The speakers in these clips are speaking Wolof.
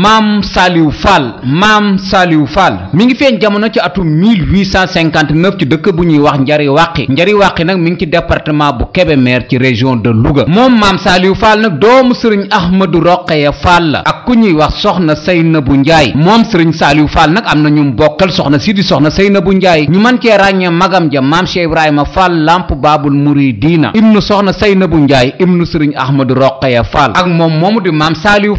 maam Saliou Fall maam Saliou Fall mi ngi fee jamono ci atum 1859 ci dëkk bu ñuy wax njari wàqi njari wàqi nag mi ngi ci département bu Kébémer ci région de Louga moom maam Saliou Fall nag doomu sëriñ Ahmadou Roqeya Fall la ak ku ñuy wax soxna na bu Njaay moom sëriñ Saliou Fall nag am na ñu bokkal soxna soxna di na bu Njaay ñu mën cee ràññee magam ja maam Cheikh Ibrahima Fall lamp baabul muridiina ibnu soxna Seynabu Njaay ibnu sëriñ Ahmadou Roqeya Fall ak moom moomu di maam Saliou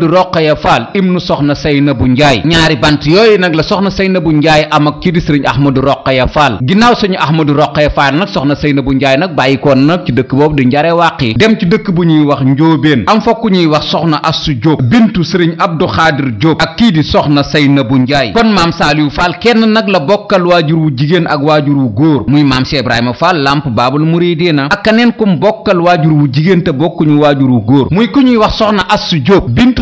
Mouhamadou Rokhaya Fall ibnu soxna Seynabou Ndiaye ñaari bant yooyu nag la soxna bu Ndiaye am ak kii di sëriñ Ahmadou Rokhaya Fall ginnaaw suñu Ahmadou Rokhaya Fall nag soxna bu Ndiaye nag bàyyi kon nag ci dëkk boobu di njare wàqi dem ci dëkk bu ñuy wax njóobeen am fa ñuy wax soxna Assu Diop bintu sëriñ Abdou Khadir Diop ak kii di soxna bu njaay kon maam Saliou Fall kenn nag la bokkal waajur wu jigéen ak waajur wu góor muy maam Cheikh Ibrahima Fall lamp baabul muridiina ak kaneen kum bokkal waajur wu jigéen te bokkuñu waajur wu góor muy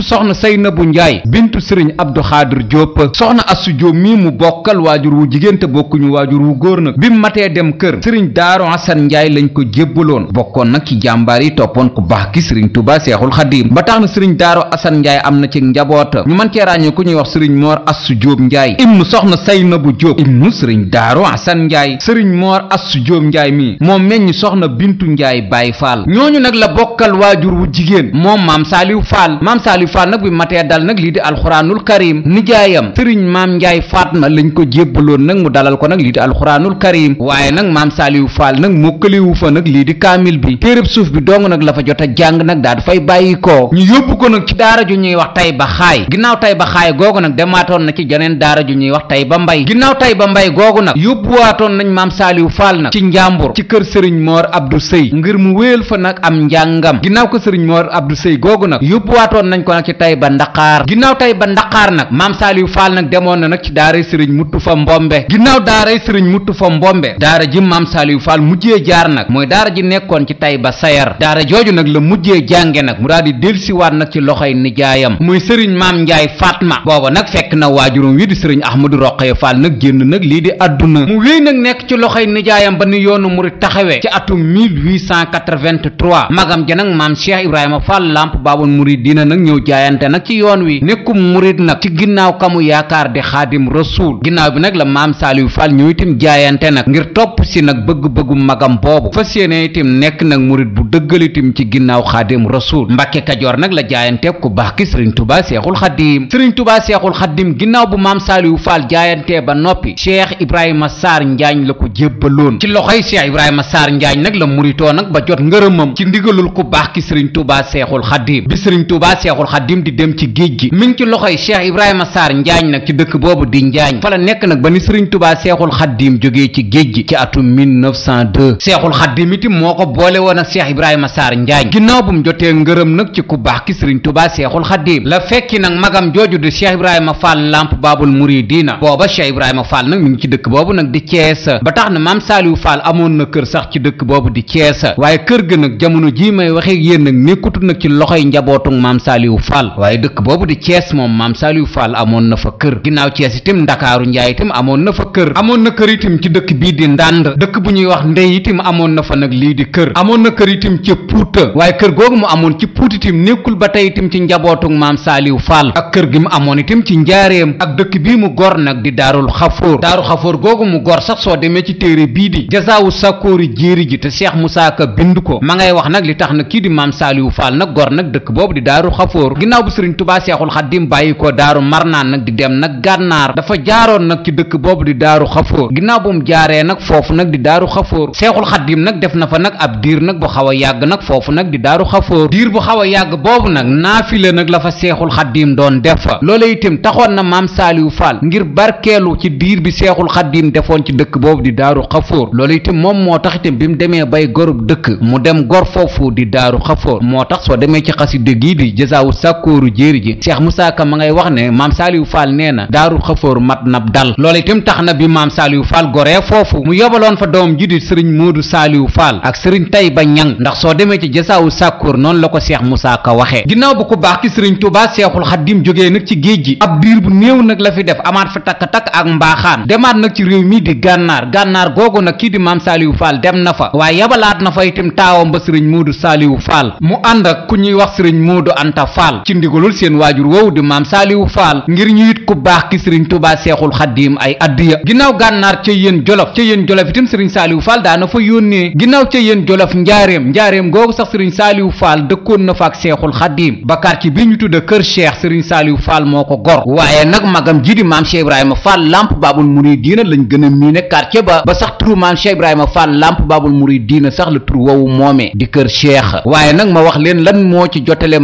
soxna na bu Njaay bintu sëriñ Abdu Xaadir Jóob soxna Assu Jóob mii mu bokkal waajur wu jigéen te bokkuñu waajur wu góor nag bi mu matee dem kër sëriñ Daaru Asan Njaay lañ ko jébbaloon bokkoon nag ci jàmbaar yi toppoon ku baax ki sëriñ Tuubaa Seexul Xadiim ba tax na sëriñ Daaru Asan Njaay am na ci njaboota ñu mën cee ràññee ku ñuy wax sëriñ Moor Assu Jóob Njaay ibnu soxna Seynabu Jóob ibnu sëriñ Daaru Asan Njaay sëriñ Moor Assu Jóob Njaay mi moom meññ soxna Bintu Njaay Baay Faal ñooñu nag la bokkal waajur wu jigéen moom alxuraan nag bi matee dal nag lii di alxuraanul karim nijaayam sëriñ maam njaay faatma lañ ko jébbaloon nag mu dalal ko nag lii di alxuraanul karim waaye nag maam saaliwu faal nag mokkaliwu fa nag lii di kaamil bi téereb suuf bi dong nag la fa jot a jàng nag daa dafay bàyyi ko ñu yóbbu ko nag ci daara ju ñuy wax tay ba xaay ginnaaw tay ba xaay googu nag demaatoon na ci jeneen daara ju ñuy wax tay ba mbay ginnaaw tay ba mbay googu nag yóbbuwaatoon nañ maam saaliwu faal nag ci njàmbur ci kër sëriñ moor abdu sëy ngir mu wéel fa nag am njàngam ginnaaw ko sëriñ moor abdu sëy googu ci Tayba Ndakaar ginnaaw Tayba Ndakaar nag maam Saliou Fall nag demoon na nag ci daaray sëriñ muttu fa mbombe ginnaaw daaray sëriñ muttu fa mbombe daara ji maam Saliou Fall mujjee jaar nag mooy daara ji nekkoon ci Tayba Sayar daara jooju nag la mujjee jànge nag mu daal di delsiwaat nag ci loxoy nijaayam muy sëriñ maam Njaay Fatma booba nag fekk na waajurum wi di sëriñ Ahmadou Rokhaya Fall nag génn nag lii di àdduna mu wéy nag nekk ci loxoy nijaayam ba ni yoonu murid taxawee ci atum 1883 magam ja nag maam Cheikh Ibrahima Fall lamp baabul murid dina nag ñëw jaay jaayante nag ci yoon wi nekkum murit nag ci ginnaaw kamu yaakaar di xaadim rasuul ginnaaw bi nag la maam Saliou Fall ñu itam jaayante nag ngir topp si nag bëgg-bëggu magam boobu fas yéene itam nekk nag murit bu dëggal itam ci ginnaaw xaadim rasuul mbàkke kajoor nag la jaayanteeg ku baax ki sëriñ tubaa seexul xaddiim sëriñ tubaa seexul xaddiim ginnaaw bu maam Saliou Fall jaayantee ba noppi cheikh ibrahima saar njaañ la ko jébbaloon ci loxoy cheikh ibrahima saar njaañ nag la muritoo nag ba jot ngërëmam ci ndigalul ku baax ki sëriñ tubaa seexul seexul xaddiim xaadim di dem ci géej gi mi ngi ci loxoy cheikh ibrahima saar njaañ nag ci dëkk boobu di njaañ fa la nekk nag ba ni sëriñ tubaa seexul xaddiim jógee ci géej gi ci atum 1902 seexul xaddiim itam moo ko boole woon ak cheikh ibrahima saar njaañ ginnaaw bu mu jotee ngërëm nag ci ku baax ki sëriñ tubaa seexul xaddiim la fekki nag magam jooju di cheikh ibrahima fall lamp baabul muridiina booba cheikh ibrahima fall nag mi ngi ci dëkk boobu nag di Cees ba tax na maam saaliwu fall amoon na kër sax ci dëkk boobu di Cees waaye kër ga nag jamono ji may waxee yéen nag nekkutu nag ci loxoy njabootu maam Fall waaye dëkk boobu di Thiès moom maam Saliou Fall amoon na fa kër ginnaaw Thiès itam Ndakaaru Njaay itam amoon na fa kër amoon na kër itam ci dëkk bii di Ndand dëkk bu ñuy wax Ndey itam amoon na fa nag lii di kër amoon na kër itam ca Puuta waaye kër googu mu amoon ci Puuta itam nekkul ba tey itam ci njabootug maam Saliou Fall ak kër gi mu amoon itam ci njaareem ak dëkk bii mu gor nag di Daarul Xafoor Daaru Xafoor googu mu gor sax soo demee ci téere bii di jasaawu sakkoori jéeri ji te Cheikh Moussa Ka bind ko ma ngay wax na kii di maam Saliou Fall nag gor nag dëkk boobu di ginnaaw bu sëriñ tubaa seexul xaddim bàyyi ko daaru marnaan nag di dem nag gànnaar dafa jaaroon nag ci dëkk boobu di daaru xafoor ginnaaw bu mu jaaree nag foofu nag di daaru xafoor seexul xaddim nag def na fa nag ab diir nag bu xaw a yàgg nag foofu nag di daaru xafoor diir bu xaw a yàgg boobu nag naafile nag lafa fa seexul xaddim doon def fa loola itam taxoon na maam saaliwu faal ngir barkeelu ci diir bi seexul xaddim defoon ci dëkk boobu di daaru xafoor loola itam moom moo tax itam bi mu demee bay gorub dëkk mu dem gor foofu di daaru xafoor moo tax soo demee ci sàkkooru jéeri ji Cheikh Moussa Ka ma ngay wax ne maam Saliou Fall nee na daaru xafoor mat nab dal loola itam tax na bi maam Saliou Fall goree foofu mu yobaloon fa doom ji di sëriñ Moodu Saliou Fall ak sëriñ Tayba Ñang ndax soo demee ci jasaawu sàkkoor noonu la ko Cheikh Moussa Ka waxee ginnaaw bu ko baax ki sëriñ Touba Seexul Xaddim jógee nag ci géej gi ab diir bu néew nag la fi def amaat fa takk-takk ak mbaaxaan demaat nag ci réew mi di gànnaar gànnaar googu nag kii di maam Saliou Fall dem na fa waaye yabalaat Fall ci ndigalul seen waajur woowu di maam Saaliwu Fall ngir ñu it ku baax ki sëriñ Tuubaa Seexul Xaddiim ay addiya ginnaaw gànnaar ca yéen jolof ca yéen jolof itam sëriñ Saaliwu Fall daana fa yónnee ginnaaw ca yéen jolof njaareem njaareem googu sax sëriñ Saaliwu Fall dëkkoon na fa ak Seexul Xaddiim ba quartier bi ñu tudda Kër Cheikh sëriñ Saaliwu Fall moo ko gor waaye nag magam ji di maam Cheikh Ibrahima Fall Lamp Baabul Muridiina lañ gën a miine quartier la turu woowu moomee di Kër Cheikh waaye nag ma wax leen lan moo ci jotale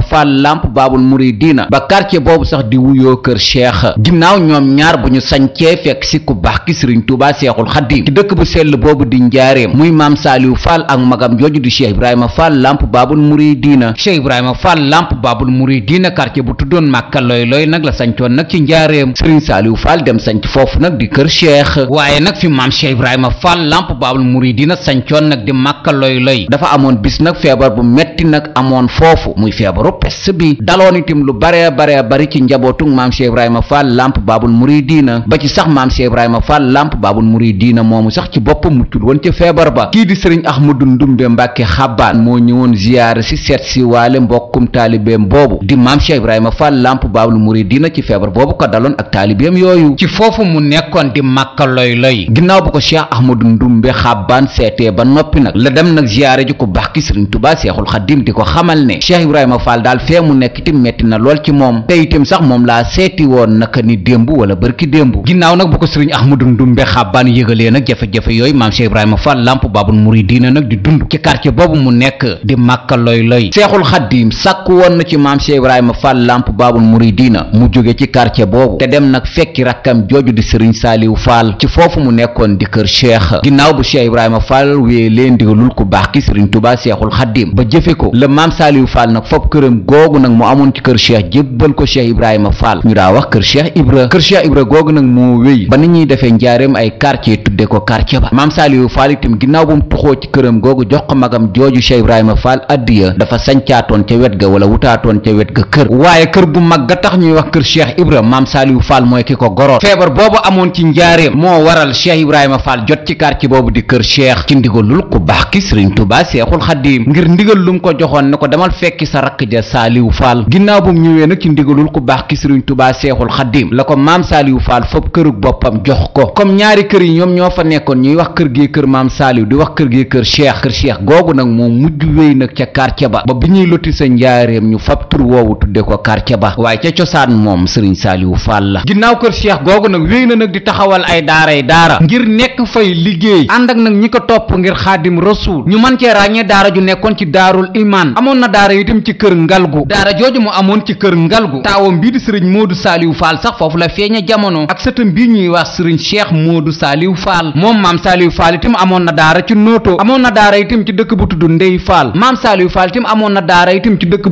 ma faal lamp baabul muridina ba quartier boobu sax di wuyoo kër cheikh ginnaaw ñoom ñaar bu ñu sañcee fekk si ku baax ki sëriñ tuuba seexul xaddim ci dëkk bu sell boobu di njaareem muy maam saaliwu faal ak magam jooju di cheikh ibrahima faal lamp baabul muridina cheikh ibrahima faal làmp baabul muridina quartier bu tuddoon màkka looy nag la sancoon nag ci njaareem sëriñ saaliwu faal dem sanc foofu nag di kër cheikh waaye nag fi maam cheikh ibrahima faal lamp baabul muridina sancoon nag di màkka looy looy dafa amoon bis nag feebar bu metti nag amoon foofu muy feebaru jàngoro pes bi daloon itam lu bare bare bari ci njabootug maam Cheikh Ibrahima Fall lamp baabul muridiina ba ci sax maam Cheikh Ibrahima Fall lamp baabul muridiina moomu sax ci boppam muccul woon ci feebar ba kii di sëriñ Ahmadu Ndumbe Mbàkke xabbaan moo ñëwoon ziyaare si seet si waale mbokkum taalibeem boobu di maam Cheikh Ibrahima Fall lamp baabul muridiina ci feebar boobu ko daloon ak taalibeem yooyu ci foofu mu nekkoon di màkka loy loy ginnaaw bu ko Cheikh Ahmadu Ndumbe xabbaan seetee ba noppi nag la dem nag ziyaare ji ko baax ki Fall daal fee mu nekk itam metti na lool ci moom te itam sax moom laa seeti woon naka ni démb wala bërki démb ginnaaw nag bu ko sëriñ Ahmadu Ndumbe Xabbaan yëgalee nag jafe-jafe yooyu maam Cheikh Ibrahima Fall lamp baabul muridiina nag di dund ci quartier boobu mu nekk di màkka loy loy Seexul Xaddiim sàkku woon na ci maam Cheikh Ibrahima Fall lamp baabul muridiina mu jóge ci quartier boobu te dem nag fekki rakkam jooju di sëriñ Saaliw faal ci foofu mu nekkoon di kër Cheikh ginnaaw bu Cheikh Ibrahima Fall wéye leen ndigalul ku baax ki sëriñ tubaa Seexul Xaddiim ba jëfe ko la maam Saaliw ngërëm googu nag mu amoon ci kër cheikh jébbal ko cheikh ibrahima fall ñu daa wax kër cheikh ibra kër cheikh ibra googu ko quartier ba maam saaliyu fall itam ginnaaw bu mu tuxoo ci këram googu jox magam jooju cheikh ibrahima fall addiya dafa sancaatoon ca wet ga wala wutaatoon ca wet ga kër waaye kër gu mag ga tax ñuy wax kër cheikh ibra maam saaliyu fall mooy ki ko goroon feebar boobu amoon ci njaareem moo waral cheikh ibrahima faal jot ci quartier boobu di kër cheikh ci ndigalul ku baax ki sëriñ tuba seexul lu ko joxoon ne ya saaliwu faal ginnaaw bu mu ñëwee nag ci ndigalul ku baax ki sëriñ tubaa seexul xaddiim la ko maam saaliwu faal fopp kërug boppam jox ko comme ñaari kër yi ñoom ñoo fa nekkoon ñuy wax kër gee kër maam saaliw di wax kër gee kër cheikh kër cheikh googu nag moom mujj wéy nag ca quartier ba ba bi ñuy loti sa njaareem ñu fab tur woowu tudde ko quartier ba waaye ca cosaan moom sëriñ saaliwu faal la ginnaaw kër cheikh googu nag wéy na nag di taxawal ay yi daara ngir nekk fay liggéey ànd ak nag ñi ko topp ngir xaadim rasuul ñu ngalgu daara jooju mu amoon ci kër ngalgu taawam bii di sëriñ moodu saaliw faal sax foofu la feeña jamono ak sëtam bii ñuy wax sëriñ cheikh moodu saaliw faal moom maam saaliw faal itam amoon na daara ci nooto amoon na ci dëkk bu tudd ndey maam saaliw faal itam amoon na daara itam ci dëkk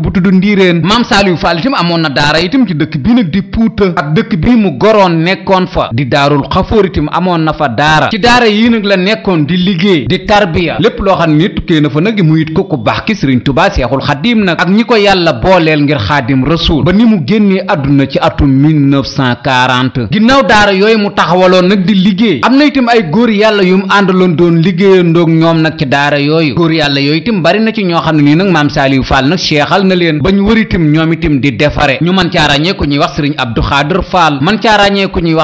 bu tudd ndiireen maam saaliw faal itam amoon na daara itam ci dëkk bii nag di puuta ak dëkk bii mu goroon nekkoon fa di daarul xafóor itam amoon na fa daara ci daara yii nag la nekkoon di liggéey di tarbiya lépp loo xam ne tukkee na fa nag mu it ko ku baax ki sëriñ tubaa seexul xadim nag ak ñi ko yàlla booleel ngir xaadim rasuul ba ni mu génnee àdduna ci atum 1940 ginnaaw daara yooyu mu taxawaloon nag di liggéey am na itim ay góor yàlla yum mu àndaloon doon liggéeyandoog ñoom nag ci daara yooyu góor yàlla yooyu itam bari na ci ñoo xam ne nii nag maam saaliyu faal nag seexal na leen ba ñu wër itam ñoom itam di defare ñu man caa ràññee ñuy wax sëriñ abdu xaadir faal man caa ràññee ñuy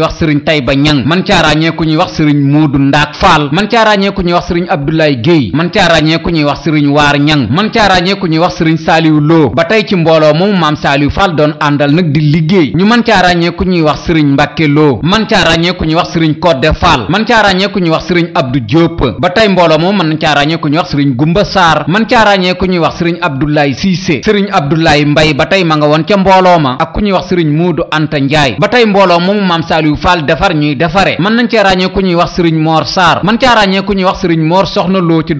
wax sëriñ baara Tayba Ñang man caa ràññee ku ñuy wax sëriñ Moodu Ndaak Faal man caa ku ñuy wax sëriñ Abdoulaye Guèye man caa ràññee wax sëriñ Waar Ñang man caa ràññee ku ñuy wax sëriñ Saaliw Loo ba tey ci mbooloo moomu maam Saaliw Faal doon àndal nag di liggéey ñu man caa ràññee ku ñuy wax sëriñ Mbàkke Loo man caa ràññee ku ñuy wax sëriñ Kodde Faal man caa ràññee ku ñuy wax sëriñ Abdou Diop ba tey mbooloo moomu man caa ràññee ku wax sëriñ Gumba Saar man caa ràññee ñuy wax sëriñ Abdoulaye Cissé sëriñ Abdoulaye Mbay ba tey ma woon ca mbooloo ma ak ku ñuy wax sëriñ Moodu Anta Njaay ba tey maam Saaliw Faal dafa defar ñuy defare mën nañ cee ràññee ku ñuy wax sëriñ moor saar man caa ràññee ku ñuy wax sëriñ moor soxna loo ci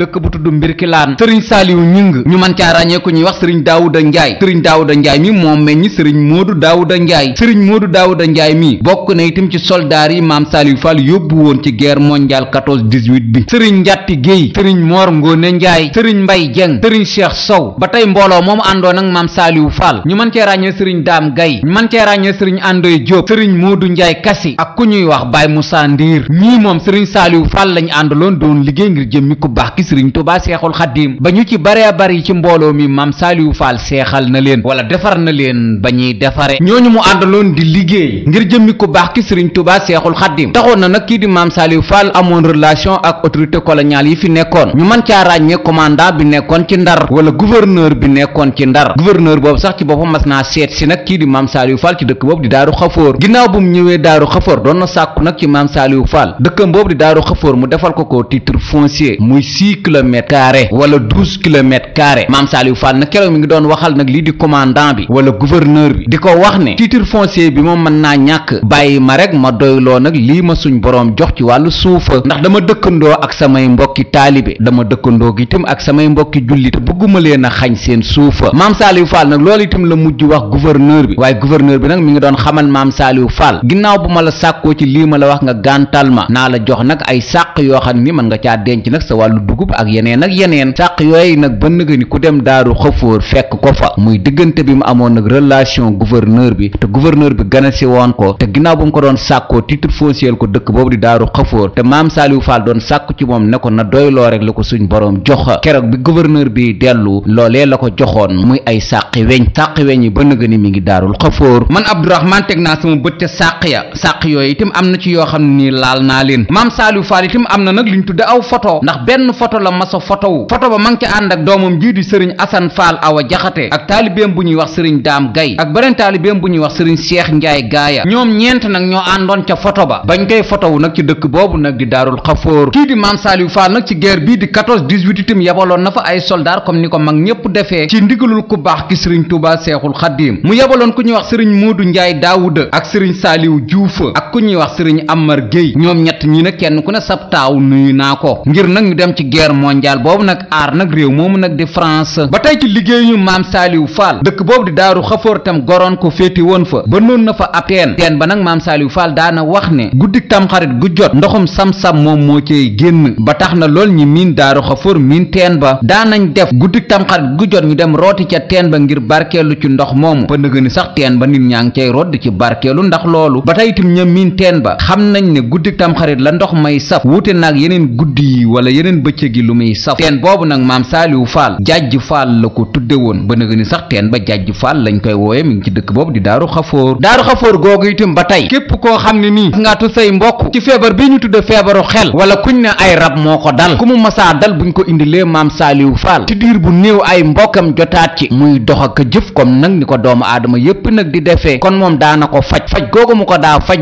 dëkk na itam ci soldaar yi maam saaliwu fall yóbbu woon ci guerre mondiale 14 18 bi sëriñ njàtti géey sëriñ moor ngóone njaay sëriñ mbay jeng sëriñ cheikh sow ba tey mbooloo moomu àndoon ak maam saaliwu fall ñu mën cee ràññee sëriñ daam gay ñu mën cee ràññee sëriñ àndoy jóob sëriñ moodu njaay kasi ak kuñ ñuy wax Baye Moussa Ndiir ñii moom Serigne Saliou Fall lañ àndaloon doon liggéey ngir jëmmi ku baax ki Serigne Touba Seexul Xaddiim ba ñu ci bare bari ci mbooloo mi maam Saliou Fall seexal na leen wala defar na leen ba ñuy defare ñooñu mu àndaloon di liggéey ngir jëmmi ku baax ki Serigne Touba Seexul Xaddiim taxoon na nag kii di maam Saliou Fall amoon relation ak autorité coloniale yi fi nekkoon ñu mën caa ràññee commandant bi nekkoon ci Ndar wala gouverneur bi nekkoon ci Ndar gouverneur boobu sax ci boppam mas naa seet si nag kii di maam Saliou Fall ci dëkk boobu di Daaru Xafoor ginnaaw bu mu ñëwee Daaru Xafoor doon doon sàkku nag ci maam Saliou Fall dëkkam boobu di daaru xafoor mu defal ko ko titre foncier muy six kilomètres carré wala douze kilomètres carré maam Saliou Fall nag keroog mi ngi doon waxal nag lii di commandant bi wala gouverneur bi di ko wax ne titre foncier bi moom mën naa ñàkk bàyyi ma rek ma doyloo nag lii ma suñ boroom jox ci wàllu suufa ndax dama dëkkandoo ak samay mbokki taalibe dama dëkkandoo gi itam ak samay mbokki julli te bëgguma leen a xañ seen suufa maam Saliou Fall nag loolu itam la mujj wax gouverneur bi waaye gouverneur bi nag mi ngi doon xamal jëfandikoo ci lii ma la wax nga gàntal ma naa la jox nag ay sàq yoo xam ni mën nga caa denc nag sa wàllu dugub ak yeneen ak yeneen sàq yooyu nag ba nga ni ku dem daaru xëfóor fekk ko fa muy diggante bi mu amoon nag relation gouverneur bi te gouverneur bi ganasi woon ko te ginnaaw ba mu ko doon sàkkoo titre foncier ko dëkk boobu di daaru xëfóor te maam Saliou Fall doon sàkku ci moom ne ko na doyloo rek la ko suñ boroom jox keroog bi gouverneur bi dellu loolee la ko joxoon muy ay sàqi weñ sàqi weñ yi ba nga ni mi ngi daarul xëfóor man Abdourahmane teg naa sàq ya itam am na ci yoo xam ne nii laal naa leen maam Saliou Fall itam am na nag li ñu tudde aw photo ndax benn photo la masa photo wu photo ba ma ngi ca ànd ak doomam jii di sëriñ Assane Fall Awa Jaxate ak taalibeem bu ñuy wax sëriñ Daam Gay ak beneen taalibeem bu ñuy wax sëriñ Cheikh Ndiaye Gaaya ñoom ñeent nag ñoo àndoon ca photo ba bañ koy photo wu nag ci dëkk boobu nag di Daarul Xafoor kii di maam Saliou Fall nag ci guerre bii di 14 18 itam yabaloon na fa ay soldaar comme ni ko mag ñëpp defee ci ndigalul ku baax ki sëriñ Touba Seexul Xadiim mu yabaloon ku ñuy wax sëriñ Moodu Ndiaye Daawuda ak sëriñ Saliou Diouf ñuy wax sëriñ Amar Gueye ñoom ñett ñi nag kenn ku ne sab taaw nuyu naa ko ngir nag ñu dem ci guerre mondiale boobu nag aar nag réew moomu nag di France ba tey ci liggéeyu maam Saliou Fall dëkk boobu di daaru xafoor tam goroon ko féete woon fa ba noon na fa ab teen teen ba nag maam Saliou faal daana wax ne guddik tamxarit gu jot ndoxum sam-sam moom moo cey génn ba tax na lool ñi miin daaru xafoor miin teen ba daanañ def guddik tamxarit gu jot ñu dem rooti ca teen ba ngir barkeelu ci ndox moomu ba nëgëni sax teen ba nit ñaa ngi ci barkeelu ndax loolu dem teen ba xam nañ ne guddik tamxarit la ndox may saf wuute nag yeneen guddi yi wala yeneen bëccëg yi lu muy saf teen boobu nag maam saaliwu faal jajj faal la ko tudde woon ba nëga ni sax teen ba jajj faal lañ koy wooye mi ngi ci dëkk boobu di daaru xafoor daaru xafoor googu itam ba tey képp koo xam ne nii nga tu say mbokk ci feebar bi ñu tudde feebaru xel wala kuñ ne ay rab moo ko dal ku mu masaa dal buñ ko indilee maam saaliwu faal ci diir bu néew ay mbokkam jotaat ci muy dox jëf comme nag ni ko doomu aadama yépp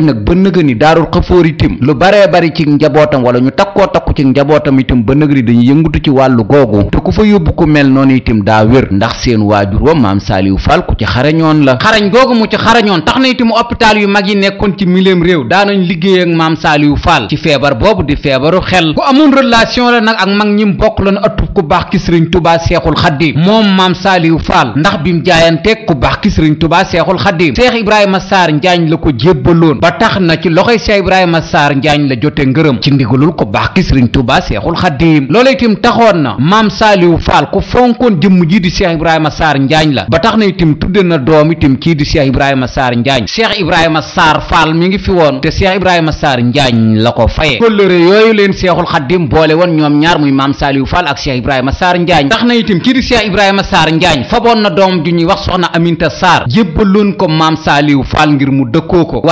nag nëga ni daarul xafoor itim lu baree bari ci njabootam wala ñu takkoo takku ci njabootam itim ba nëgëri dañuy yëngutu ci wàllu googu te ku fa yóbbu ku mel noonu itim daa wér ndax seen waajur wa maam saaliwu fal ku ci xarañoon la xarañ googu mu ci xarañoon tax na itim hôpital yu mag yi nekkoon ci mileem réew daanañ liggéey ak maam saaliwu faal ci feebar boobu di feebaru xel ku amoon relation la nag ak mag ñim bokk lan ëttub ku baax ki sëriñ tubaa seexul xaddim moom maam saaliwu fal ndax bi mu jaayanteeg ku baax ki sëriñ tubaa seexul xaddim seex ibrahima saar njaañ la ko na ci loxoy Cheikh Ibrahima Sarr Njaañ la jote ngërëm ci ndigalul ko baax ki Sëriñ Tuubaa Seexul Xadiim loola itam taxoon na maam Saaliwu Faal ku fonkoon jëmm ji di Cheikh Ibrahima saar Njaañ la ba tax na itam tudde na doom itam kii di Cheikh Ibrahima saar Njaañ Cheikh Ibrahima Sarr Faal mi ngi fi woon te Cheikh Ibrahima saar Njaañ la ko faye kóllëre yooyu leen Seexul Xadiim boole woon ñoom ñaar muy maam Saaliwu Faal ak Cheikh Ibrahima Sarr Njaañ tax na itam kii di Cheikh Ibrahima Sarr Njaañ faboon na doom ju ñuy wax soxna Aminta Sarr jébbaloon ko maam Saaliwu ngir mu dëkkoo ko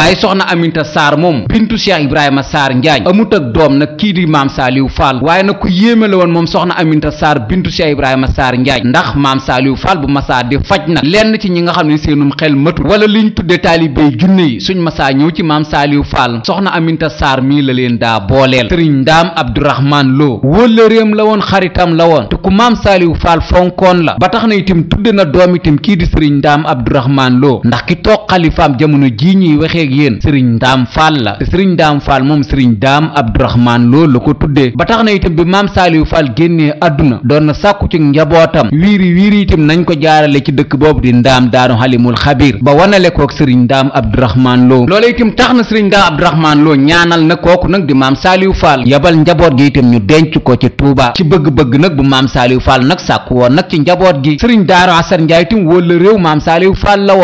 Sarr moom bintu Cheikh Ibrahima Sarr Njaañ amut ak doom nag kii di maam Saliou Fall waaye nag ku yéeme la woon moom soxna Aminta Sarr bintu Cheikh Ibrahima Sarr Njaañ ndax maam Saliou Fall bu masaa di faj nag lenn ci ñi nga xam ne seenum xel matul wala liñ tudde taalibey junne yi suñ masaa ñëw ci maam Saliou Fall soxna Aminta Sarr mii la leen daa booleel sëriñ ndaam Abdourahman Lo wóllëreem la woon xaritam la woon te ku maam Saliou Fall fonkoon la ba tax na itam na doom itam kii di sëriñ ndaam Abdourahman Lo ndax ki toog xalifaam jamono jii ñuy waxee ak yéen sëriñ ndaam daam faal la te sëriñ daam faal moom sëriñ daam abdourahmaan loolu la ko tuddee ba tax na itam bi maam saaliyu faal génnee àdduna doon na sàkku ci njabootam wiiri wiiri itam nañ ko jaarale ci dëkk boobu di ndaam daanu xalimul xabir ba wanale kook sëriñ daam abdourahmaan loo loola itam tax na sëriñ daam abdourahmaan loo ñaanal na kooku nag di maam saaliyu faal yabal njaboot gi itam ñu denc ko ci tuuba ci bëgg-bëgg nag bu maam saaliyu faal nag sàkku woon nag ci njaboot gi sëriñ daaru asar njaay itam wóla réew maam saaliyu faal la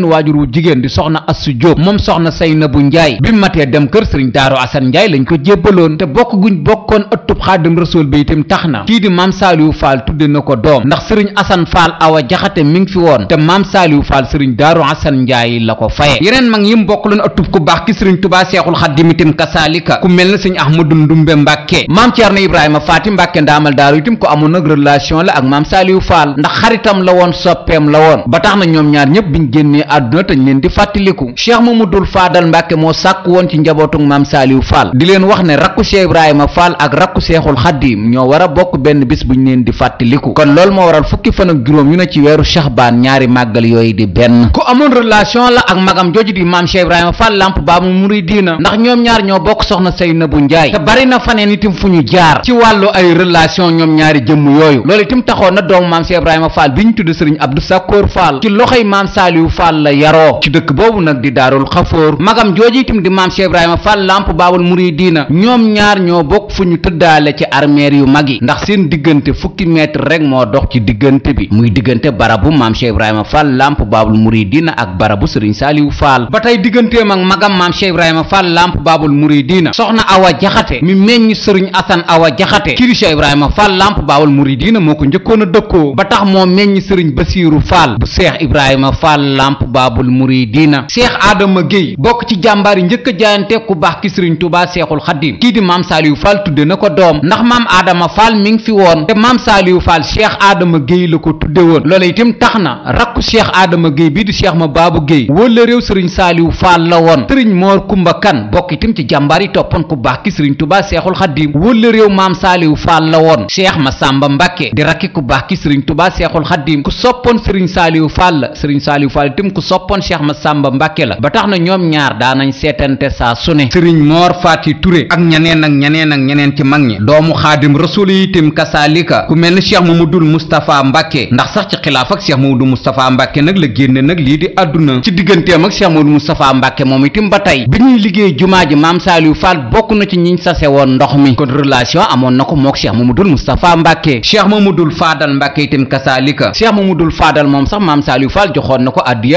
benn waajur wu jigéen di soxna Assu Jóob moom soxna Saynabu Njaay bi matee dem kër sëriñ Daaru Asan Njaay lañ ko jébbaloon te bokk guñ bokkoon ëttub Xaadim Rasuul bi itam tax na kii di maam Saaliwu Faal tudde na ko doom ndax sëriñ Asan Faal Awa Jaxate mi ngi fi woon te maam Saaliwu Faal sëriñ Daaru Asan Njaay la ko faye yeneen mag yi mu bokkaloon ëttub ku baax ki sëriñ Tubaa Seexul Xaadim itam kasaalika ku mel na sëriñ Ahmadu Ndumbe Mbàkke maam Ceerno Ibrahima Faati Mbàkke ndaamal la ak maam Saaliwu àdduna te ñu leen di fàttaliku cheikh mamadul faadal mbàkke moo sàkk woon ci njabootug maam saaliw faal di leen wax ne rakku cheikh ibrahima seexul xaddiim ñoo war a bokk benn bis bu ñu leen di fàttaliku kon loolu moo waral fukki fan juróom yu ne ci weeru Shahbaan ñaari màggal yooyu di benn ku amoon relation la ak magam jooju di maam cheikh ibrahima faal lamp baabu muridiina ndax ñoom ñaar ñoo bokk soxna Seynabu Njaay te bari na faneen itam fu ñu jaar ci wàllu ay relation ñoom ñaari jëmm yooyu loolu itam taxoon na doomu maam cheikh ibrahima bi ñu tudd sëriñ abdou sakkoor faal Fall la yaroo ci dëkk boobu nag di daarul xafoor magam jooju itam di maam Cheikh Ibrahima Fall lamp baabul muridiina ñoom ñaar ñoo bokk fu ñu tëddaale ci armeer yu mag yi ndax seen diggante fukki mètre rek moo dox ci diggante bi muy diggante barabu maam Cheikh Ibrahima Fall lamp baabul muridiina ak barabu Serigne Saliou Fall ba tey digganteem ak magam maam Cheikh Ibrahima Fall lamp baabul muridiina soxna Awa Jaxate mu meññ Serigne Assane Awa Jaxate kiri Cheikh Ibrahima Fall lamp baabul muridiina moo ko a dëkkoo ba tax moo meññ Serigne Basiiru Fall bu Cheikh Ibrahima Fall lamp lamp baabul muridiina seex aadama géy bokk ci jàmbaar yi njëkk a jaayante ku baax ki sëriñ tubaa seexul xadim kii di maam saaliyu faal tudde na ko doom ndax maam aadama faal mi ngi fi woon te maam saaliyu faal seex aadama géy la ko tudde woon loola itam tax na rakk seex aadama géy bii di seex ma baabu géy wala réew sëriñ saaliyu faal la woon sëriñ moor kumba kan bokk itam ci jàmbaar yi toppoon ku baax ki sëriñ tubaa seexul xadim wala réew maam saaliyu faal la woon seex ma sàmba mbàkke di rakki ku ki sëriñ tubaa seexul xadim ku soppoon sëriñ saaliyu sëriñ ku soppoon Cheikh Massamba Mbàkke la ba tax na ñoom ñaar daanañ seetante saa su ne sëriñ Moor Faati Ture ak ñeneen ak ñeneen ak ñeneen ci mag ñi doomu xaadim rasul itam kasaalika ku mel ni Cheikh Mamadul Moustapha Mbàkke ndax sax Mbàkke nag la génne nag lii di àdduna ci digganteem ak Cheikh Mamadou Moustapha Mbàkke moom itam ba tey bi ñuy liggéey jumaa ji maam Saliou Fall bokk na ci ñiñ sase woon ndox mi kon relation amoon na ko mook Cheikh Mamadul Moustapha Mbàkke Cheikh Mamadul Faadal Mbàkke itam kasaalika Cheikh Mamadul Faadal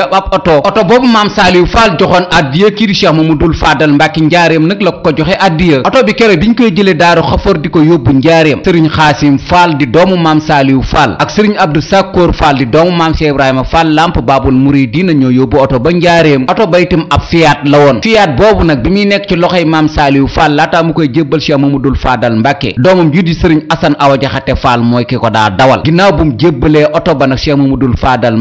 ya ab oto oto boobu maam saaliw faal joxoon addiya kiri cheikh mamadul faadal mbàkke njaareem nag la ko joxe addiya oto bi kere biñ koy jële daaru xafoor di ko yóbbu njaareem sëriñ xaasim faal di doomu maam saaliw faal ak sëriñ abdu sàkkoor faal di doomu maam cheikh ibrahima faal lamp baabul muridiina ñoo yóbbu oto ba njaareem oto ba itam ab fiyaat la woon fiyaat boobu nag bi muy nekk ci loxoy maam saaliw faal laataa mu koy jébbal cheikh mamadul faadal mbàkke doomam ji di sëriñ asan awa jaxate faal mooy ki ko daa dawal mu jébbalee ba nag cheikh mamadul faadal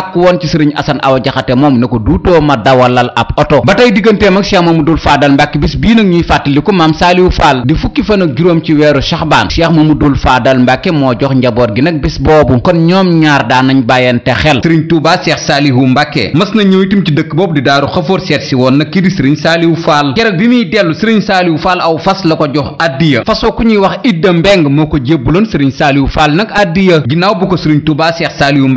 sàkk woon ci sëriñ Assane Awa Jaxate moom ne ko duutoo ma dawalal ab oto ba tey digganteem ak Cheikh Mamadou Fadal Mbàkke bis bii nag ñuy fàttaliku maam Saaliwu Fall di fukki fan ak juróom ci weeru Saxbaan Cheikh Mamadou Fadal Mbàkke moo jox njaboot gi nag bis boobu kon ñoom ñaar daanañ bàyyante xel sëriñ Touba Cheikh Saalihu Mbàkke mas na ñëw itam ci dëkk boobu di daaru xafoor seet si woon nag kii di sëriñ Saaliwu Fall keroog bi muy dellu sëriñ la ko jox addiya fasoo ku ñuy wax idda mbeng moo ko jébbaloon sëriñ Saaliwu Fall nag addiya ginnaaw bu ko sëriñ Touba Cheikh Saaliwu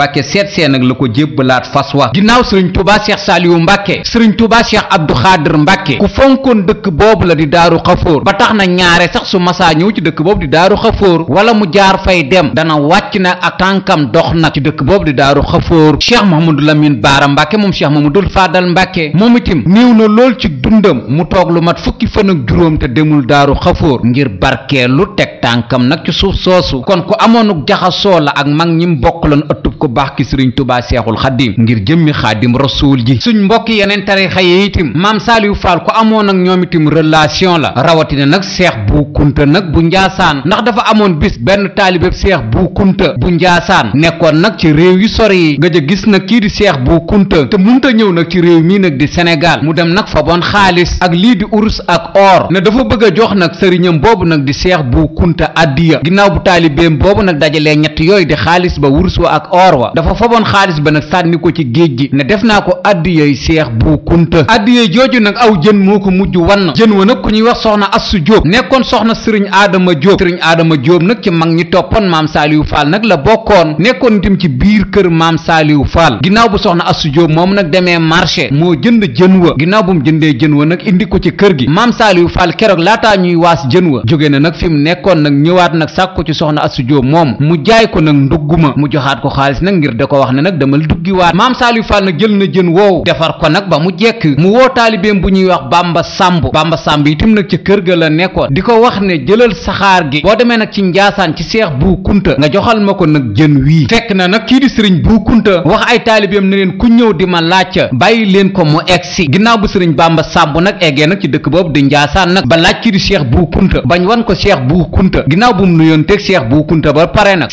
jébbalaat fas wa ginnaaw sëriñ tubaa seex saaliyu mbàkke sëriñ tubaa seex abdu xaadir mbàkke ku fonkoon dëkk boobu la di daaru xafoor ba tax na ñaare sax su masaa ñëw ci dëkk boobu di daaru xafoor wala mu jaar fay dem dana wàcc na ak tànkam dox nag ci dëkk boobu di daaru xafoor cheikh mahamadou lamine baara mbàkke moom cheikh mahamadul faadal mbàkke moom itam néew na lool ci dundam mu toog lu mat fukki fan ak juróom te demul daaru xafoor ngir barkeelu teg tànkam nag ci suuf soosu kon ku amoonuk ak mag ñim ku baax ki sëriñ tubaa seexul xaddim ngir jëmmi xaadim rasuul ji suñ mbokk yeneen tarixa yi itam maam saaliyu faal ku amoon ak ñoom itam relation la rawatina nag seex bu kunta nag bu njaasaan ndax dafa amoon bis benn taalibeb seex bu kunta bu njaasaan nekkoon nag ci réew yu sori yi nga ja gis nag kii di seex bu kunta te munta ñëw nag ci réew mii nag di senegal mu dem nag fa boon xaalis ak lii di urus ak or ne dafa bëgg a jox nag sëriñam boobu nag di seex bu kunta addiya ginnaaw bu taalibeem boobu nag dajalee koor wa dafa faboon xaalis ba nag sànni ko ci géej gi ne def naa ko addiyey seex bu kunta addiyey jooju nag aw jën moo ko mujj wann jën wa nag ku ñuy wax soxna assu jóob nekkoon soxna sëriñ aadama jóob sëriñ aadama jóob nag ci mag ñi toppoon maam saaliwu faal nag la bokkoon nekkoon itam ci biir kër maam saaliwu faal ginnaaw bu soxna assu jóob moom nag demee marché moo jënd jën wa ginnaaw bu mu jëndee jën wa nag indi ko ci kër gi maam saaliwu faal kero laataa ñuy waas jën wa jóge na nag fi mu nekkoon nag ñëwaat nag sàkku ci soxna assu jóob moom mu jaay nag ngir da ko wax ne nag damal duggiwaat maam Saliou Fall nag jël na jën woow defar ko nag ba mu jekk mu woo taalibeem bu ñuy wax Bamba Samb Bamba Samb itam nag ci kër ga la nekkoon di ko wax ne jëlal saxaar gi boo demee nag ci njaasaan ci seex bu kunta nga joxal ma ko nag jën wii fekk na nag kii di sëriñ bu kunta wax ay taalibeem ne leen ku ñëw di ma laajca bàyyi leen ko mu egsi ginnaaw bu sëriñ Bamba Samb nag eggee nag ci dëkk boobu di njaasaan nag ba laaj kii di seex bu kunta bañ wan ko seex bu kunta ginnaaw bu mu nuyoon teg seex bu kunta ba pare nag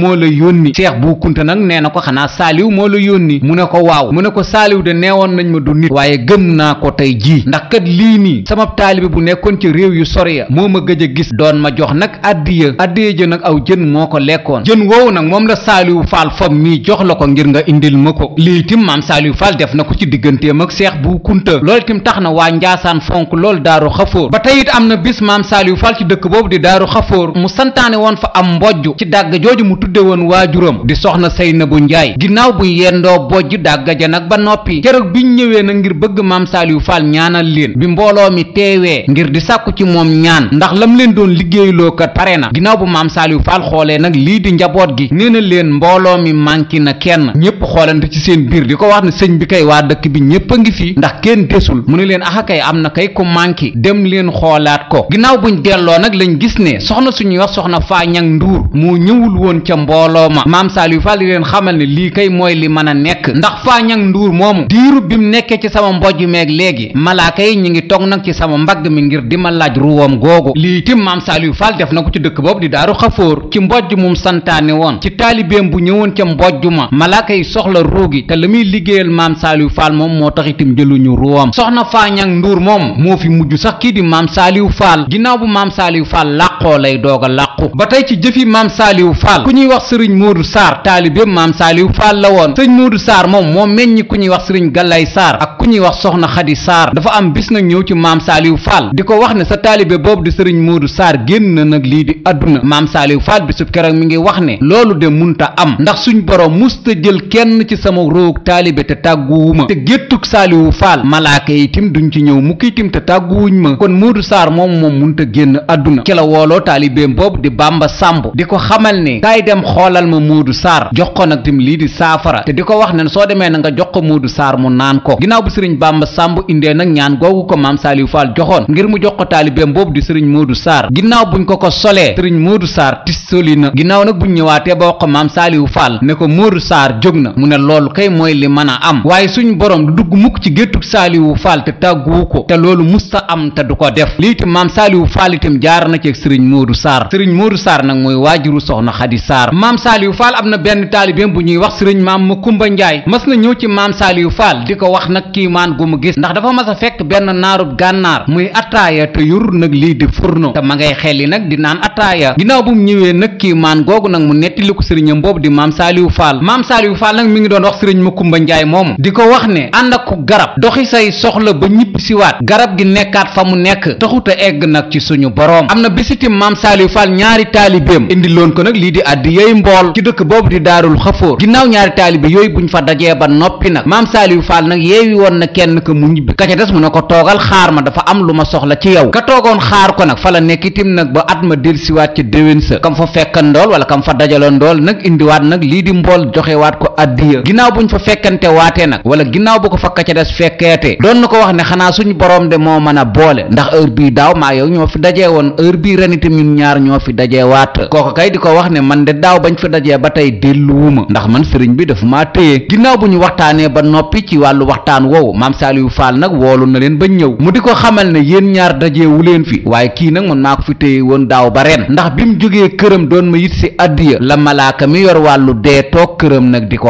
moo la yónni seex bu kunta nag nee na ko xanaa saaliw moo la yónni mu ne ko waaw mu ne ko saaliw de neewoon nañ ma du nit waaye gëm naa ko tey jii ndax kat lii nii sama taalibe bu nekkoon ci réew yu sori moo ma gëj a gis doon ma jox nag addiya addiya ja nag aw jën moo ko lekkoon jën woowu nag moom la saaliw faal fam mii jox la ko ngir nga indil ma ko lii tim maam saaliw faal def na ko ci digganteem ak seex bu kunta loolu tim tax na waa njaasaan fonk lool daaru xafoor ba tey it am na bis maam saaliw faal ci dëkk boobu di tudde woon waajuram di soxna Seynabu Njaay ginnaaw bu yendoo bojj dàgga ja nag ba noppi keroog biñ ñëwee na ngir bëgg maam Saliou Fall ñaanal leen bi mbooloo mi teewee ngir di sàkku ci moom ñaan ndax lam leen doon liggéeyloo kat pare na ginnaaw bu maam Saliou Fall xoolee nag lii di njaboot gi nee na leen mbooloo mi manqué na kenn ñépp xoolante ci seen biir di ko wax ne sëñ bi kay waa dëkk bi ñépp a ngi fi ndax kenn desul mu ne leen axa kay am na kay ku manqué dem leen xoolaat ko ginnaaw buñ delloo nag lañ gis ca mbooloo ma maam Saliou Fall di leen xamal ne lii kay mooy li mën a nekk ndax faañang nduur moomu diiru bi mu nekkee ci sama mbojj meeg léegi malaaka yi ñi ngi toog nag ci sama mbagg mi ngir di ma laaj ruwoom googu lii itam maam Saliou Fall def na ko ci dëkk boobu di daaru xafóor ci mbojj mum santaane woon ci taalibeem bu ñëwoon ca mbojj ma malaaka yi soxla ruugi te la muy liggéeyal maam Saliou Fall moom moo tax itam jëluñu ruwoom soxna faañang nduur moom moo fi mujj sax kii di maam Saliou Fall ginnaaw bu maam Saliou Fall làqoo a làqu ba ñuy wax sëriñ Modou Sarr taalibe maam Saliou Fall la woon sëriñ Modou Sarr moom moo meññi ku ñuy wax sëriñ Gallay Sarr ak ku ñuy wax soxna Xadi Sarr dafa am bis nag ñëw ci maam Saliou Fall di ko wax ne sa taalibe boobu di sëriñ Modou Sarr génn na nag lii di àdduna maam Saliou Fall bisub keroog mi ngi wax ne loolu de munta am ndax suñ borom musta jël kenn ci sama roog taalibe te tàgguwuma te géttug Saliou Fall malaaka yi tim duñ ci ñëw mukk itim te tàgguwuñ ma kon Modou Sarr moom moom munta génn àdduna ci la wooloo taalibeem boobu di Bamba Samb di ko xamal ne kaay ndegem xoolal ma Moodu Sarr jox ko nag tim lii di saafara te di ko wax ne soo demee na nga jox ko Moodu Sarr mu naan ko ginnaaw bu sëriñ Bamba Samb indee nag ñaan googu ko maam Saliou Fall joxoon ngir mu jox ko taalibeem boobu di sëriñ Moodu Sarr ginnaaw buñ ko ko solee sëriñ Moodu Sarr tis na ginnaaw nag bu buñ ñëwaatee ba wax ko maam Saliou Fall ne ko Moodu Sarr jóg na mu ne loolu kay mooy li man a am waaye suñ borom du dugg mukk ci géttug Saliou Fall te tàgguwu ko te loolu musta am te du ko def lii itam maam Saliou Fall itam jaar na ci Dakar maam Saliou Fall am na benn taalibeem bu ñuy wax sëriñ maam Makumba Njaay mas na ñëw ci maam Saliou Fall di ko wax nag kiimaan gu mu gis ndax dafa mas a fekk benn naarub gànnaar muy nag lii di furno te ma ngay xel yi nag di naan attaaya ginnaaw bu mu ñëwee nag kiimaan googu nag mu netti li ko sëriñam boobu di maam Saliou Fall maam Saliou Fall nag mi ngi doon wax sëriñ Makumba Njaay moomu di ko wax ne ànd ak ku garab doxi say soxla ba ñibbi siwaat garab gi nekkaat fa mu nekk taxuta egg nag ci suñu boroom am na bisitim maam Saliou Fall ñaari taalibeem bi yooyu mbool ci dëkk boobu di daarul xafoor ginnaaw ñaari taalibe yooyu buñ fa dajee ba noppi nag maam saaliyu faal nag yeewi woon na kenn ka mu ñibbi ka ca des mu ne ko toogal xaar ma dafa am lu ma soxla ci yow ka toogoon xaar ko nag fa la nekk itim nag ba at ma delsiwaat ca déwén sa kam fa fekkandool wala kam fa dajaloon dool nag indiwaat nag lii di mbool joxewaat ko addiya ginnaaw buñ fa fekkante waatee nag wala ginnaaw bu ko fakka ca des fekkeetee doon na ko wax ne xanaa suñu borom de moo mën a boole ndax heure bii daaw maa yow ñoo fi dajee woon heure bii ren itam ñaar ñoo fi dajee waat kooku kay di ko wax ne man de daaw bañ fi dajee ba tey delluwuma ndax man sëriñ bi dafa maa téye ginnaaw bu ñu waxtaanee ba noppi ci wàllu waxtaan woowu maam Saliou Fall nag woolu na leen ba ñëw mu di ko xamal ne yéen ñaar dajee wu leen fi waaye kii nag man maa ko fi téye woon daaw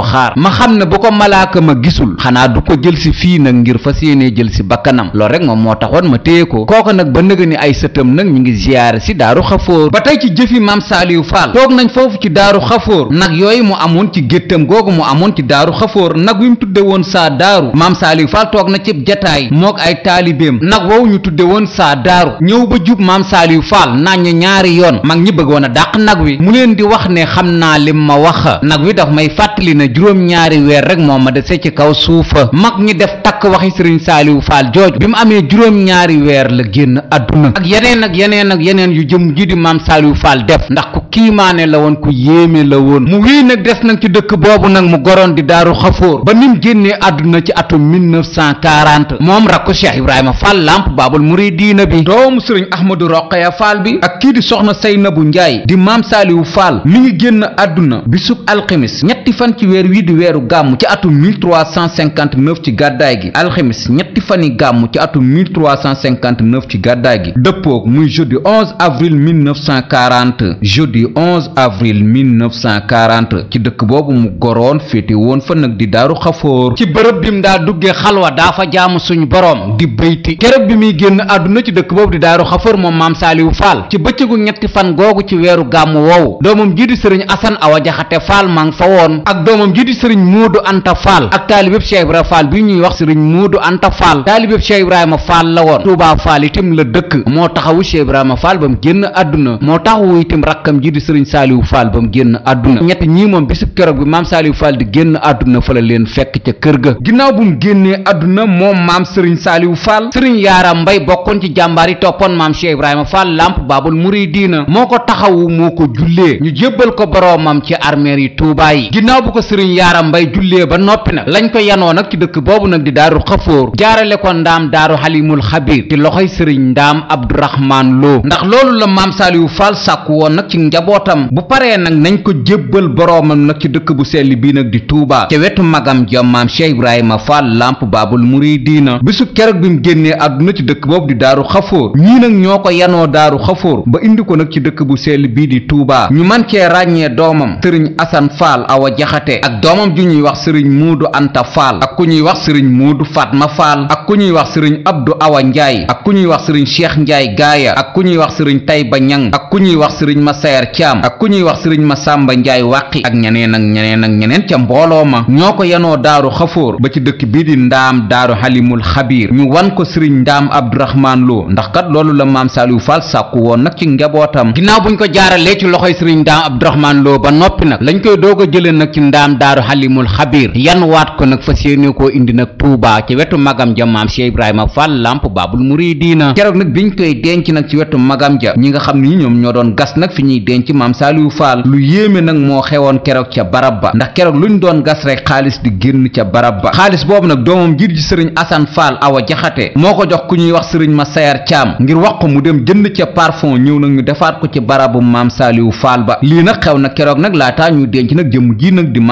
xaar ma xam ne bu ko malaaka ma gisul xanaa du ko jël si fii nag ngir fas yéenee jël si bakkanam loolu rek ma moo taxoon ma téye ko kooka nag ba nëga ni ay sëtam nag ñu ngi ziyaare si daaru xafoor ba tey ci jëfi maam saaliyu faal toog nañ foofu ci daaru xafoor nag yooyu ci géttam googu mu amoon ci daaru xafoor nag wi mu woon saa daaru maam saaliyu faal toog na ci jataay mook ay taalibeem nag wow ñu tudde woon saa daaru ñëw ba jub maam saaliyu faal nañu ñaari yoon mag ñi bëggoon a dàq nag wi mu leen di wax ne xam naa lim ma wax nag wi daf may fàttali na juróom-ñaari weer rek moom ma desee ci kaw suufa mag ñi def takk waxi sëriñ saaliwu faal jooju bi mu amee juróom-ñaari weer la génn àdduna ak yeneen ak yeneen ak yeneen yu jëmm ji di maam saaliwu faal def ndax ku kiimaane la woon ku yéeme la woon mu wii nag des nag ci dëkk boobu nag mu goroon di daaru xafoor ba nim génnee àdduna ci atum 1940 moom rakku cheikh ibrahima fall lamp baabul muridiina bi doomu sëriñ ahmadou roqaya faal bi ak kii di soxna saynabu njaay di maam saaliwu faal mi génn àdduna bisub alxamis fanweer wi di weeru gàmm ci atum 1359 ci gàddaay gi alxemes ñetti fani gàmm ci atum 1359 ci gàddaay gi dëppoog muy jeudi 11 avril 1940 jeudi 11 avril 1940 ci dëkk boobu mu goroon féete woon fa nag di daaru xafoor ci bërëb bi mu daa xal wa daa fa jaamu suñu boroom di béyti keroog bi muy génn àdduna ci dëkk boobu di daaru xafoor moom maam saaliwu faal ci bëccëgu ñetti fan googu ci weeru gàmm woowu doomam jii di sëriñ asan awa jaxate faal maa fa woon ak doom doomam ji di sëriñ Moodu Anta Fall ak taalibeb Cheikh Ibrahima Fall bi ñuy wax sëriñ Moodu Anta Fall taalibeb Cheikh Ibrahima Fall la woon Touba Fall itam la dëkk moo taxawu Cheikh Ibrahima ba mu génn àdduna moo taxawu itam rakkam ji di sëriñ Saliou Fall ba mu génn àdduna ñett ñii moom bisub keroog bi maam Saliou Fall di génn àdduna fa la leen fekk ca kër ga ginnaaw bu mu génnee àdduna moom maam sëriñ saaliw Fall sëriñ Yaara Mbay bokkoon ci jàmbaar yi toppoon maam Cheikh Ibrahima Fall lamp baabul moo ko taxawu moo ko jullee ñu ko boroomam sëriñ yaara mbay jullee ba noppi nag lañ ko yenoo nag ci dëkk boobu nag di daaru xafoor jaarale ko ndaam daaru xalimul xabir ci loxoy sëriñ ndaam abdourahmaan loo ndax loolu la maam saaliwu faal sàkku woon nag ci njabootam bu paree nag nañ ko jébbal boroomam nag ci dëkk bu sell bii nag di tuubaa ca wetu magam jom maam ibrahima faal làmp baabul muridiina bisu keroog bi mu génnee àdduna ci dëkk boobu di daaru xafoor ñii nag ñoo ko yenoo daaru xafoor ba indi ko nag ci dëkk bu sell bii di tuubaa ñu man cee ràññee doomam sëriñ ak doomam ju ñuy wax sëriñ muudu anta faal ak ku ñuy wax sëriñ faat ma faal ak ku ñuy wax sëriñ abdu awa njaay ak ku ñuy wax sëriñ cheikh njaay gaaya ak ku ñuy wax sëriñ ba ñan ak ku ñuy wax sëriñ masayer caam ak ku ñuy wax sëriñ masamba njaay wàqi ak ñeneen ak ñeneen ak ñeneen ca mbooloo ma ñoo ko yenoo daaru xafoor ba ci dëkk bii di ndaam daaru xalimul xabiir ñu wan ko sëriñ ndaam abdurahmaan loo ndax kat loolu la maam saaliw faal sàkku woon nag ci njabootam ginnaaw bu ko jaaralee ci loxoy sëriñ ndaam abdurahmaan loo ba a jëlee borom daaru xalimul xabir yan waat ko nag fas yéene koo indi nag Touba ci wetu magam ja maam Cheikh Ibrahima Fall lamp baabul muridiina keroog nag biñ koy denc nag ci wetu magam ja ñi nga xam ni ñoom ñoo doon gas nag fi ñuy denc maam Saliou Fall lu yéeme nag moo xewoon keroog ca barab ba ndax keroog luñ doon gas rek xaalis di génn ca barab ba xaalis boobu nag doomam jir ji sëriñ Assane Fall awa jaxate moo ko jox ku ñuy wax sëriñ ma sayar caam ngir wax ko mu dem jënd ca parfum ñëw nag ñu defaat ko ci ba lii nag xew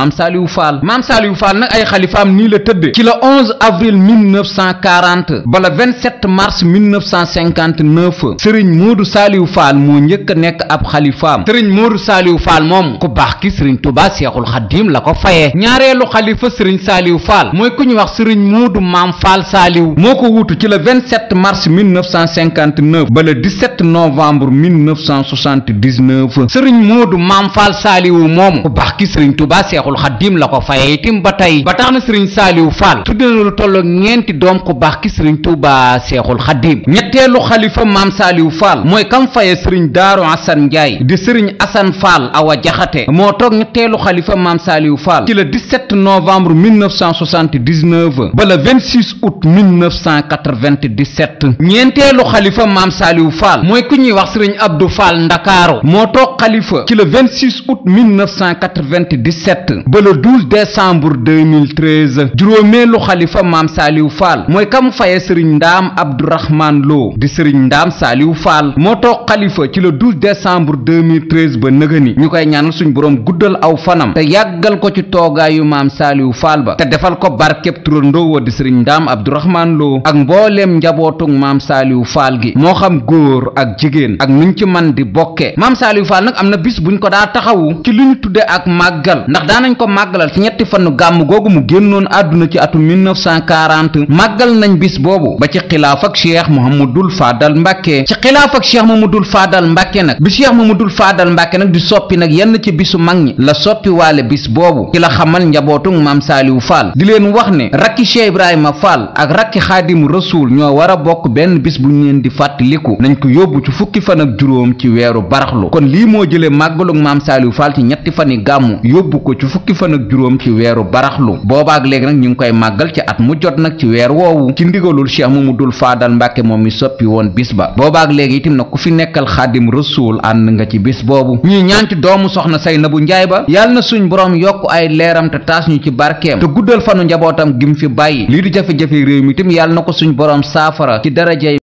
maam Saliou Fall maam Saliou Fall nag ay xalifaam nii la tëdd ci la 11 avril 1940 ba la 27 mars 1959 Serigne Modou Saliou Fall moo njëkk a nekk ab xalifaam Serigne Modou Saliou Fall moom ku baax ki Serigne Touba Seexul Xaddiim la ko fayee ñaareelu xalifa Serigne Saliou faal mooy ku ñu wax Serigne Modou Maam Fall Saliou moo ko wuutu ci le 27 mars 1959 ba le 17 novembre 1979 Serigne Modou Maam Fall Saliou moom ku baax ki Serigne Touba Seexul xaddim la ko faye itim ba tey ba tax na sëriñ saaliwu faal tudde na lu tolloo ñeenti doom ku baax ki sëriñ tuuba seexul xaddim ñetteelu xalifa maam saaliwu faal mooy kam faye sëriñ daaru asan njaay di sëriñ asan faal awa jaxate moo toog ñetteelu xalifa maam saaliwu faal ci le 17 novembre 1979 ba le 26 août 1997 ñeenteelu xalifa maam saaliwu faal mooy ku ñuy wax sëriñ abdu faal ndakaaru moo toog xalifa ci le 26 août 1997 ba le 12 décembre 2013 juróomeelu xalifa maam saaliw faal mooy kam faye sëriñ ndaam abdourahman loo di sëriñ ndaam saaliw faal moo toog xalifa ci le 12 décembre 2013 ba nëgëni ñu koy ñaanal suñ boroom guddal aw fanam te yàggal ko ci toogaayu maam saaliw faal ba te defal ko barkeb turandoo wa di sëriñ ndaam abdourahman loo ak mbooleem njabootug maam saaliw faal gi moo xam góor ak jigéen ak nuñ ci man di bokke maam saaliw faal nag am na bis ñu ko daa taxawu ci lu ñu ak màggal ndax ko màggalal ci ñetti fannu gàmm googu mu génnoon àdduna ci atum 1940 màggal nañ bis boobu ba ci xilaaf ak mu mohamadul faadal mbàkke ci xilaaf ak cheikh mohamadul faadal mbàkke nag bi cheikh mohamadul faadal mbàkke nag di soppi nag yenn ci bisu mag ñi la soppi waale bis boobu ci la xamal njabootu maam saaliwu faal di leen wax ne rakki cheikh ibrahima faal ak rakki xaadimu rasuul ñoo war a bokk benn bis bu ñu di fàttaliku nañ ko yóbbu ci fukki fan ak juróom ci weeru baraxlu kon lii moo jële màggalug maam saaliwu faal ci ñetti fani gàmmu yóbbu ko ci fukki fan ak juróom ci weeru baraxlu boobaak léegi nag ñu ngi koy màggal ci at mu jot nag ci weer woowu ci ndigalul cheikh mamadul faadal mbàkke moom mi soppi woon bis ba boobaak léegi itam na ku fi nekkal xaadim rasuul ànd nga ci bis boobu ñuy ñaan ci doomu soxna Saynabu Njaay ba yàlla na suñ boroom yokk ay leeram te taas ñu ci barkeem te guddal fanu njabootam gi mu fi bàyyi li di jafe-jafe réew mi itam yàlla na ko suñ boroom saafara ci darajey